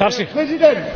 President.